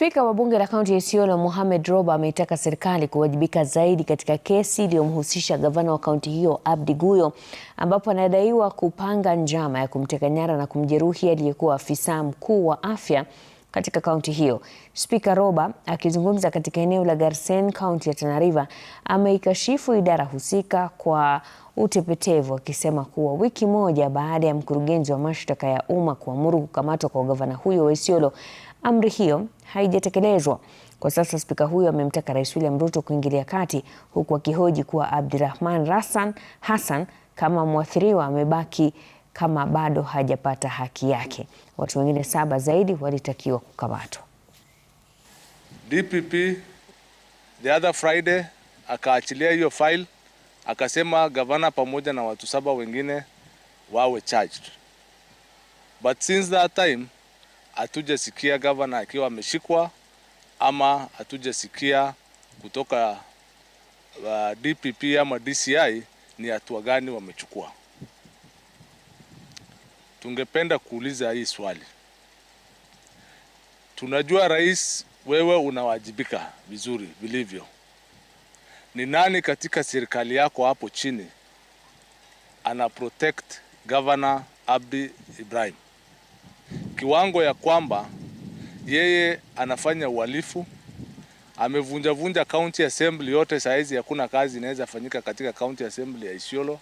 Spika wa bunge la kaunti ya Isiolo Mohamed Roba ameitaka serikali kuwajibika zaidi katika kesi iliyomhusisha gavana wa kaunti hiyo Abdi Guyo, ambapo anadaiwa kupanga njama ya kumteka nyara na kumjeruhi aliyekuwa afisa mkuu wa afya katika kaunti hiyo. Spika Roba akizungumza katika eneo la Garsen, kaunti ya Tana River, ameikashifu idara husika kwa utepetevu akisema kuwa wiki moja baada ya mkurugenzi wa mashtaka ya umma kuamuru kukamatwa kwa gavana huyo wa Isiolo, amri hiyo haijatekelezwa. Kwa sasa spika huyo amemtaka Rais William Ruto kuingilia kati, huku akihoji kuwa Abdirahman Hassan kama mwathiriwa amebaki kama bado hajapata haki yake. Watu wengine saba zaidi walitakiwa kukamatwa. DPP the other Friday akaachilia hiyo file akasema gavana pamoja na watu saba wengine wawe charged, but since that time hatujasikia gavana akiwa ameshikwa ama hatujasikia kutoka uh, DPP ama DCI ni hatua gani wamechukua tungependa kuuliza hii swali. Tunajua rais, wewe unawajibika vizuri vilivyo. Ni nani katika serikali yako hapo chini ana protect Governor Abdi Ibrahim kiwango ya kwamba yeye anafanya uhalifu, amevunjavunja county assembly yote. Saizi hakuna kazi inaweza fanyika katika county assembly ya Isiolo.